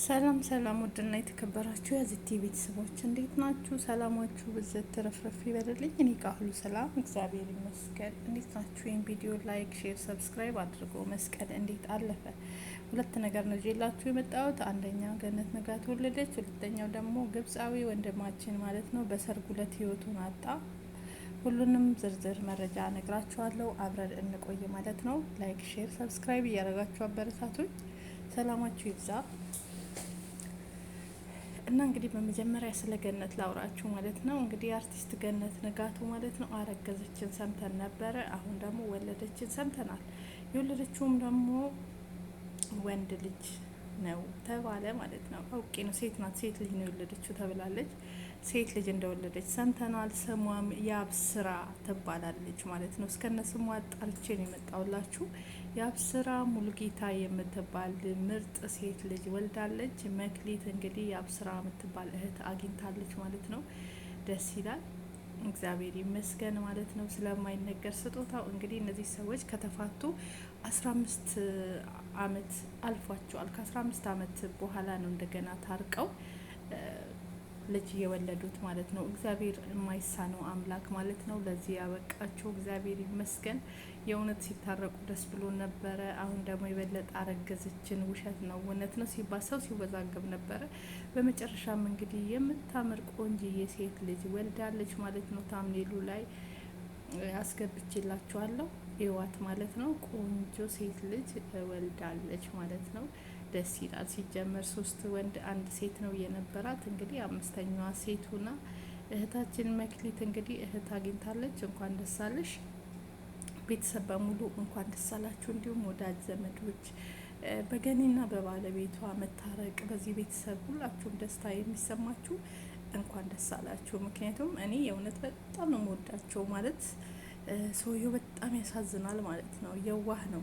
ሰላም ሰላም፣ ውድና የተከበራችሁ የዚቲ ቤተሰቦች እንዴት ናችሁ? ሰላማችሁ ብዘት ተረፍረፍ ይበልልኝ። እኔ ቃሉ ሰላም እግዚአብሔር ይመስገን። እንዴት ናችሁ? ይህን ቪዲዮ ላይክ፣ ሼር፣ ሰብስክራይብ አድርጎ መስቀል እንዴት አለፈ? ሁለት ነገር ነው ይዤላችሁ የመጣሁት። አንደኛ ገነት ነጋ ተወለደች፣ ሁለተኛው ደግሞ ግብፃዊ ወንድማችን ማለት ነው በሰርጉ ዕለት ህይወቱን አጣ። ሁሉንም ዝርዝር መረጃ ነግራችኋለሁ። አብረን እንቆይ ማለት ነው። ላይክ፣ ሼር፣ ሰብስክራይብ እያደረጋችሁ አበረታቱኝ። ሰላማችሁ ይብዛ። እና እንግዲህ በመጀመሪያ ስለ ገነት ላውራችሁ ማለት ነው። እንግዲህ አርቲስት ገነት ንጋቱ ማለት ነው አረገዘችን ሰምተን ነበረ። አሁን ደግሞ ወለደችን ሰምተናል። የወለደችውም ደግሞ ወንድ ልጅ ነው ተባለ ማለት ነው። አውቄ ነው ሴት ናት ሴት ልጅ ነው የወለደችው ተብላለች። ሴት ልጅ እንደወለደች ሰምተናል። ስሟም ያብስራ ትባላለች ማለት ነው። እስከነ ስሟ ነው የመጣውላችሁ። የአብስራ ሙሉጌታ የምትባል ምርጥ ሴት ልጅ ወልዳለች። መክሊት እንግዲህ ያብስራ የምትባል እህት አግኝታለች ማለት ነው። ደስ ይላል። እግዚአብሔር ይመስገን ማለት ነው። ስለማይነገር ስጦታው እንግዲህ እነዚህ ሰዎች ከተፋቱ አስራ አምስት አመት አልፏቸዋል። ከአስራ አምስት አመት በኋላ ነው እንደገና ታርቀው ልጅ የወለዱት ማለት ነው። እግዚአብሔር የማይሳነው አምላክ ማለት ነው። ለዚህ ያበቃቸው እግዚአብሔር ይመስገን። የእውነት ሲታረቁ ደስ ብሎ ነበረ። አሁን ደግሞ የበለጠ አረገዘችን፣ ውሸት ነው እውነት ነው ሲባል ሰው ሲወዛገብ ነበረ። በመጨረሻም እንግዲህ የምታምር ቆንጆ የሴት ልጅ ወልዳለች ማለት ነው። ታምኔሉ ላይ አስገብቼላችኋለሁ። እዋት ማለት ነው። ቆንጆ ሴት ልጅ ወልዳለች ማለት ነው። ደስ ይላል። ሲጀመር ሶስት ወንድ አንድ ሴት ነው የነበራት። እንግዲህ አምስተኛዋ ሴት ሆና እህታችን መክሊት እንግዲህ እህት አግኝታለች። እንኳን ደስ አለሽ። ቤተሰብ በሙሉ እንኳን ደስ አላችሁ። እንዲሁም ወዳጅ ዘመዶች በገኒና በባለቤቷ መታረቅ በዚህ ቤተሰብ ሁላችሁም ደስታ የሚሰማችሁ እንኳን ደስ አላችሁ። ምክንያቱም እኔ የእውነት በጣም ነው መወዳቸው። ማለት ሰውየው በጣም ያሳዝናል ማለት ነው። የዋህ ነው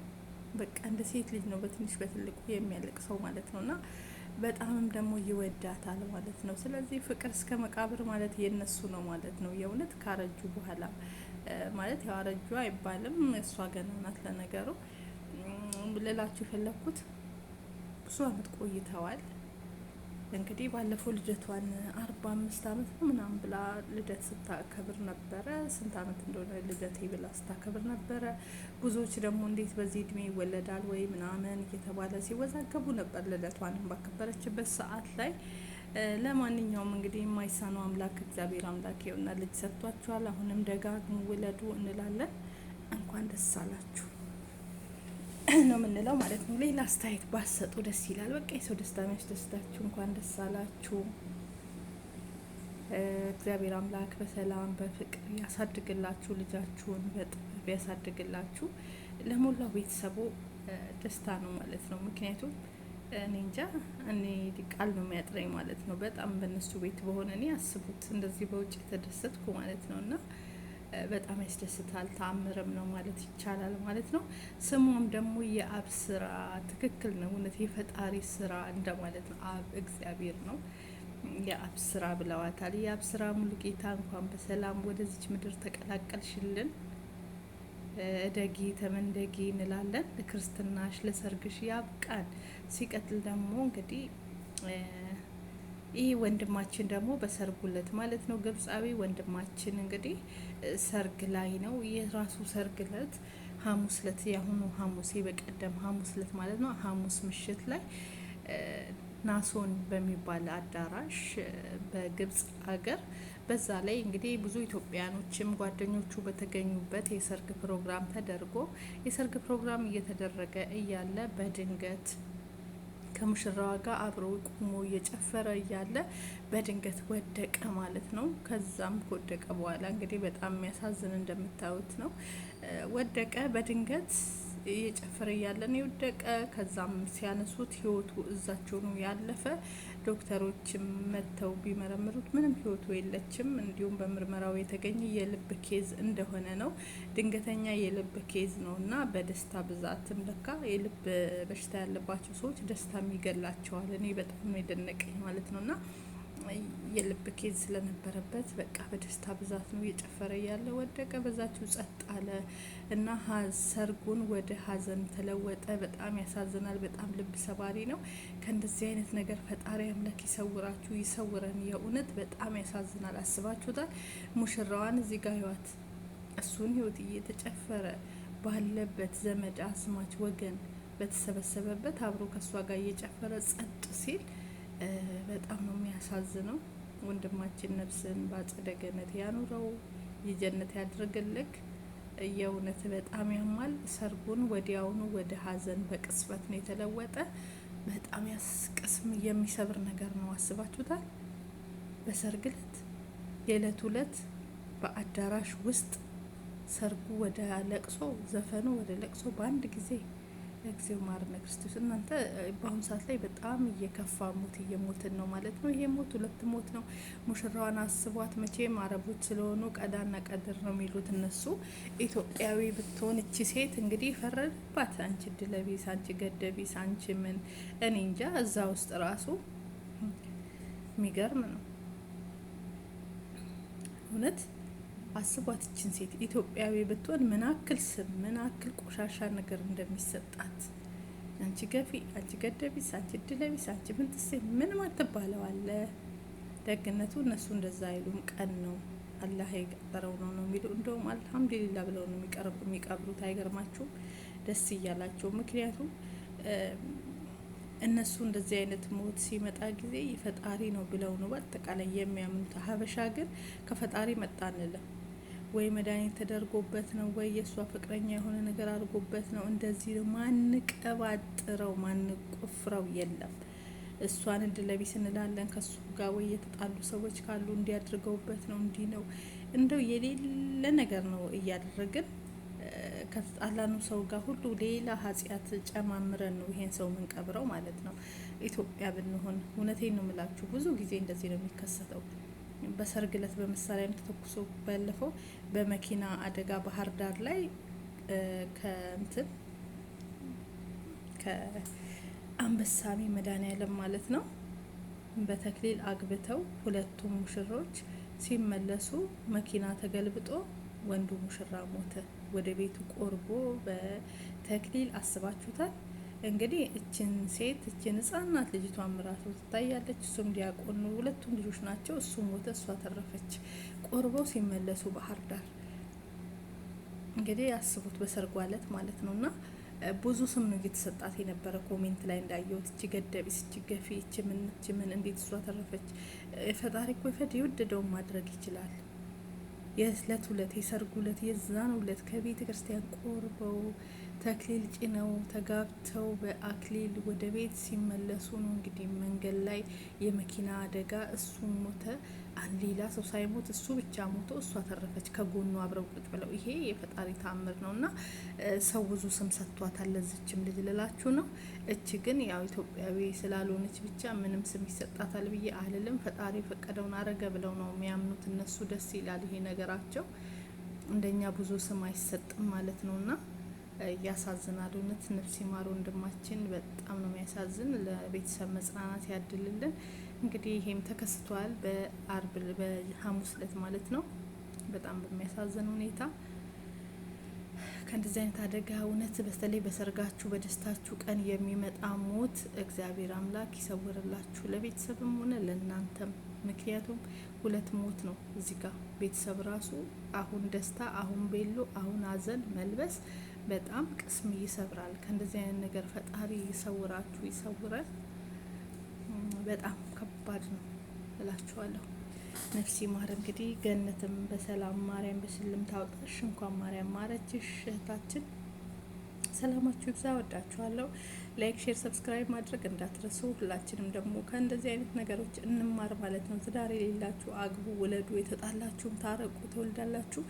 በቃ እንደ ሴት ልጅ ነው በትንሽ በትልቁ የሚያልቅ ሰው ማለት ነው እና በጣምም ደግሞ ይወዳታል ማለት ነው። ስለዚህ ፍቅር እስከ መቃብር ማለት የነሱ ነው ማለት ነው። የእውነት ካረጁ በኋላ ማለት ያው አረጁ አይባልም፣ እሷ ገና ናት። ለነገሩ ልላችሁ የፈለግኩት ብዙ አመት ቆይተዋል። እንግዲህ ባለፈው ልደቷን አርባ አምስት አመት ነው ምናምን ብላ ልደት ስታከብር ነበረ። ስንት አመት እንደሆነ ልደቴ ብላ ስታከብር ነበረ። ብዙዎች ደግሞ እንዴት በዚህ እድሜ ይወለዳል ወይ ምናምን እየተባለ ሲወዛገቡ ነበር። ልደቷንም ባከበረችበት ሰዓት ላይ ለማንኛውም እንግዲህ የማይሳነው አምላክ እግዚአብሔር አምላክ የሆና ልጅ ሰጥቷችኋል። አሁንም ደጋግሙ ውለዱ እንላለን። እንኳን ደስ አላችሁ። ነው የምንለው ማለት ነው። ሌላ አስተያየት ባሰጡ ደስ ይላል። በቃ የሰው ደስታ ደስታችሁ እንኳን ደስ አላችሁ። እግዚአብሔር አምላክ በሰላም በፍቅር ያሳድግላችሁ፣ ልጃችሁን በጥበብ ያሳድግላችሁ። ለሞላው ቤተሰቡ ደስታ ነው ማለት ነው። ምክንያቱም እኔ እንጃ እኔ ቃል ነው የሚያጥረኝ ማለት ነው። በጣም በእነሱ ቤት በሆነ እኔ አስቡት እንደዚህ በውጭ የተደሰትኩ ማለት ነው እና በጣም ያስደስታል። ተአምርም ነው ማለት ይቻላል ማለት ነው። ስሟም ደግሞ የአብ ስራ ትክክል ነው። እውነት የፈጣሪ ስራ እንደማለት ነው። አብ እግዚአብሔር ነው። የአብ ስራ ብለዋታል። የአብ ስራ ሙሉ ጌታ እንኳን በሰላም ወደዚች ምድር ተቀላቀልሽልን፣ እደጊ ተመንደጊ እንላለን። ለክርስትናሽ ለሰርግሽ ያብቃን። ሲቀጥል ደግሞ እንግዲህ ይህ ወንድማችን ደግሞ በሰርጉለት ማለት ነው። ግብጻዊ ወንድማችን እንግዲህ ሰርግ ላይ ነው የራሱ ሰርግለት ሐሙስ ለት የአሁኑ ሐሙስ በቀደም ሐሙስ ለት ማለት ነው። ሐሙስ ምሽት ላይ ናሶን በሚባል አዳራሽ በግብጽ ሀገር በዛ ላይ እንግዲህ ብዙ ኢትዮጵያኖችም ጓደኞቹ በተገኙበት የሰርግ ፕሮግራም ተደርጎ የሰርግ ፕሮግራም እየተደረገ እያለ በድንገት ከሙሽራዋ ጋር አብሮ ቁሞ እየጨፈረ እያለ በድንገት ወደቀ ማለት ነው። ከዛም ከወደቀ በኋላ እንግዲህ በጣም የሚያሳዝን እንደምታዩት ነው። ወደቀ በድንገት እየጨፈረ ነው የወደቀ ከዛም ሲያነሱት ህይወቱ እዛቸው ነው ያለፈ። ዶክተሮችም መጥተው ቢመረምሩት ምንም ህይወቱ የለችም። እንዲሁም በምርመራው የተገኘ የልብ ኬዝ እንደሆነ ነው። ድንገተኛ የልብ ኬዝ ነው እና በደስታ ብዛትም ለካ የልብ በሽታ ያለባቸው ሰዎች ደስታም ይገላቸዋል። እኔ በጣም ነው የደነቀኝ ማለት ነው እና የልብ ኬዝ ስለነበረበት በቃ በደስታ ብዛት ነው እየጨፈረ ያለ ወደቀ። በዛችው ጸጥ አለ እና ሰርጉን ወደ ሀዘን ተለወጠ። በጣም ያሳዝናል። በጣም ልብ ሰባሪ ነው። ከእንደዚህ አይነት ነገር ፈጣሪ አምላክ ይሰውራችሁ፣ ይሰውረን። የእውነት በጣም ያሳዝናል። አስባችሁታል? ሙሽራዋን እዚህ ጋር ህይወት እሱን ህይወት እየተጨፈረ ባለበት ዘመድ አስማች ወገን በተሰበሰበበት አብሮ ከእሷ ጋር እየጨፈረ ጸጥ ሲል በጣም ነው የሚያሳዝነው። ወንድማችን ነፍስን በአጸደ ገነት ያኑረው፣ የጀነት ያድርግልክ። የእውነት በጣም ያማል። ሰርጉን ወዲያውኑ ወደ ሀዘን በቅጽበት ነው የተለወጠ። በጣም ያስቅስም የሚሰብር ነገር ነው። አስባችሁታል? በሰርግ ዕለት የዕለት በአዳራሽ ውስጥ ሰርጉ ወደ ለቅሶ፣ ዘፈኑ ወደ ለቅሶ በአንድ ጊዜ እግዚኦ ማርነ ክርስቶስ። እናንተ በአሁኑ ሰዓት ላይ በጣም እየከፋ ሞት እየሞትን ነው ማለት ነው። ይሄ ሞት ሁለት ሞት ነው። ሙሽራዋን አስቧት። መቼም አረቦች ስለሆኑ ቀዳና ቀድር ነው የሚሉት እነሱ። ኢትዮጵያዊ ብትሆን እቺ ሴት እንግዲህ ፈረደባት። አንቺ ድለቢስ፣ አንቺ ገደቢስ፣ አንቺ ምን እኔ እንጃ። እዛ ውስጥ ራሱ የሚገርም ነው እውነት አስቧት ይችን ሴት ኢትዮጵያዊ ብትሆን ምናክል ስም ምናክል ቆሻሻ ነገር እንደሚሰጣት አንቺ ገፊ፣ አንቺ ገደቢስ፣ አንቺ እድለቢስ፣ አንቺ ምንትሴ ምን ማትባለው አለ። ደግነቱ እነሱ እንደዛ አይሉም። ቀን ነው አላህ የቀጠረው ነው ነው የሚሉ እንደውም አልሐምዱሊላ ብለው ነው የሚቀርቡ የሚቀብሩት። አይገርማችሁም? ደስ እያላቸው ምክንያቱም እነሱ እንደዚህ አይነት ሞት ሲመጣ ጊዜ ፈጣሪ ነው ብለው ነው በአጠቃላይ የሚያምኑት። ሀበሻ ግን ከፈጣሪ መጣ አንለም ወይ መድኃኒት ተደርጎበት ነው ወይ የእሷ ፍቅረኛ የሆነ ነገር አድርጎበት ነው። እንደዚህ ነው ማንቀባጥረው ማንቆፍረው የለም። እሷን እድለቢስ እንላለን ከሱ ጋር ወይ የተጣሉ ሰዎች ካሉ እንዲያድርገውበት ነው እንዲ ነው እንደው የሌለ ነገር ነው እያደረግን ከተጣላኑ ሰው ጋር ሁሉ ሌላ ኃጢአት ጨማምረን ነው ይሄን ሰው ምንቀብረው ማለት ነው። ኢትዮጵያ ብንሆን እውነቴን ነው የምላችሁ፣ ብዙ ጊዜ እንደዚህ ነው የሚከሰተው። በሰርግ ለት በመሳሪያም ተተኩሶ ባለፈው በመኪና አደጋ ባህር ዳር ላይ ከእንትን ከአንበሳሚ መድኃኒዓለም ማለት ነው በተክሊል አግብተው ሁለቱም ሙሽሮች ሲመለሱ መኪና ተገልብጦ ወንዱ ሙሽራ ሞተ። ወደ ቤቱ ቆርቦ በተክሊል አስባችሁታል። እንግዲህ እችን ሴት እችን ህጻናት ልጅቷ ምራቱ ትታያለች። እሱም ዲያቆን ሁለቱም ልጆች ናቸው። እሱ ሞተ፣ እሷ ተረፈች። ቆርበው ሲመለሱ ባህር ዳር እንግዲህ ያስቡት በሰርጓለት ማለት ነው እና ብዙ ስም ነው እየተሰጣት የነበረ ኮሜንት ላይ እንዳየሁት እች ገደቢስ፣ እቺ ገፊ፣ እቺ ምን፣ ምን፣ እንዴት እሷ ተረፈች። ፈጣሪ እኮ የወደደውን ማድረግ ይችላል። የስለት ሁለት የሰርጉ ሁለት የዛን ሁለት ከቤተ ክርስቲያን ቆርበው ተክሊል ጭነው ተጋብተው በአክሊል ወደ ቤት ሲመለሱ ነው እንግዲህ መንገድ ላይ የመኪና አደጋ እሱም ሞተ። ሌላ ሰው ሳይሞት እሱ ብቻ ሞቶ እሷ ተረፈች ከጎኑ አብረው ቁጭ ብለው። ይሄ የፈጣሪ ተአምር ነው እና ሰው ብዙ ስም ሰጥቷታል ለዚችም ልጅ ልላችሁ ነው። እች ግን ያው ኢትዮጵያዊ ስላልሆነች ብቻ ምንም ስም ይሰጣታል ብዬ አልልም። ፈጣሪ የፈቀደውን አረገ ብለው ነው የሚያምኑት እነሱ። ደስ ይላል ይሄ ነገራቸው። እንደኛ ብዙ ስም አይሰጥም ማለት ነው እና ያሳዝናል። እውነት ነፍስ ይማር ወንድማችን፣ በጣም ነው የሚያሳዝን። ለቤተሰብ መጽናናት ያድልልን። እንግዲህ ይሄም ተከስቷል በአርብ በሐሙስ ዕለት ማለት ነው። በጣም በሚያሳዝን ሁኔታ ከእንደዚህ አይነት አደጋ እውነት በተለይ በሰርጋችሁ በደስታችሁ ቀን የሚመጣ ሞት እግዚአብሔር አምላክ ይሰውርላችሁ ለቤተሰብም ሆነ ለእናንተም። ምክንያቱም ሁለት ሞት ነው እዚህ ጋር ቤተሰብ ራሱ አሁን ደስታ፣ አሁን ቤሎ፣ አሁን አዘን መልበስ በጣም ቅስም ይሰብራል። ከእንደዚህ አይነት ነገር ፈጣሪ ይሰውራችሁ፣ ይሰውረን። በጣም ከባድ ነው እላችኋለሁ። ነፍሲ ማር እንግዲህ ገነትም በሰላም ማርያም በስልም ታውጣሽ። እንኳን ማርያም ማረችሽ እህታችን። ሰላማችሁ ይብዛ። ወዳችኋለሁ። ላይክ፣ ሼር፣ ሰብስክራይብ ማድረግ እንዳትረሱ። ሁላችንም ደግሞ ከእንደዚህ አይነት ነገሮች እንማር ማለት ነው። ትዳር የሌላችሁ አግቡ፣ ውለዱ። የተጣላችሁም ታረቁ። ትወልዳላችሁ።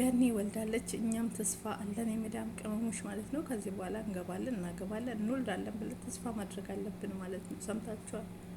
ገኒ ወልዳለች፣ እኛም ተስፋ አለን። የመዳም ቅመሞች ማለት ነው። ከዚህ በኋላ እንገባለን፣ እናገባለን፣ እንወልዳለን ብለን ተስፋ ማድረግ አለብን ማለት ነው። ሰምታችኋል።